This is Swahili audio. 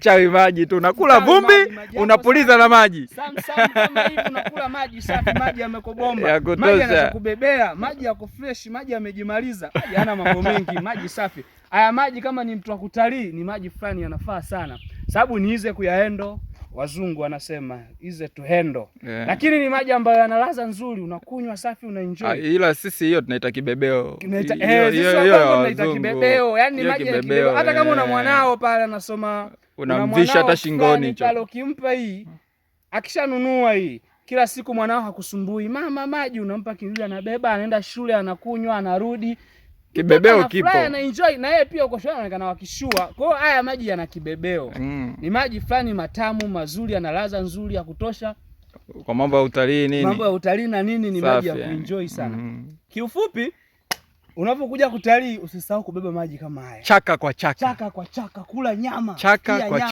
chawi maji tu, unakula vumbi unapuliza na maji ya kutosha, kubebea maji ya kufresh, maji yamejimaliza, maji hana mambo mengi, maji safi. Haya maji kama ni mtu wa kutalii, ni maji fulani yanafaa sana, sababu niize kuyaendo wazungu wanasema ize tuhendo yeah. Lakini ni maji ambayo yanalaza nzuri, unakunywa safi, una enjoy. Ah, ila sisi hiyo tunaita kibebeo, tunaita eh, kibebeo, yani ni maji ya kibebeo. Hata kama una eh. mwanao pale anasoma, unamvisha hata shingoni pale, ukimpa hii, akishanunua hii kila siku mwanao hakusumbui, mama maji, unampa kinywa, anabeba, anaenda shule, anakunywa, anarudi kibebeo kipo na enjoy na yeye pia, uko shwari, anaonekana wakishua. Kwa hiyo haya maji yana kibebeo mm. ni maji fulani matamu mazuri, yana ladha nzuri ya kutosha kwa mambo ya utalii nini, mambo ya utalii na nini, ni maji ya kuenjoy sana mm. Kiufupi, unapokuja kutalii usisahau kubeba maji kama haya, chaka kwa chaka, chaka kwa chaka, kula nyama, chaka kwa nyama.